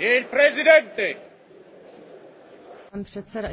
Il presidente. Pan předseda.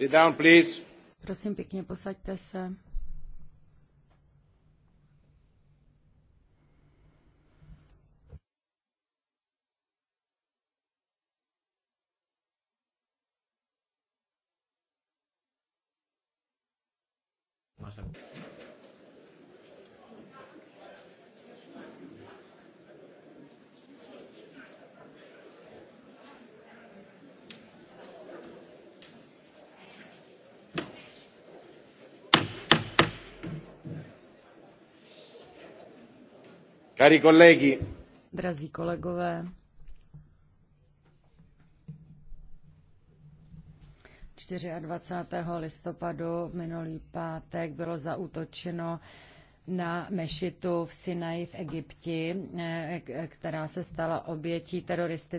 Sit down, please. Prosím pěkně, posaďte se. Máš Cari colleghi. Drazí kolegové. a 24. listopadu minulý pátek bylo zaútočeno na mešitu v Sinaji v Egyptě, eh, která se stala obětí teroristické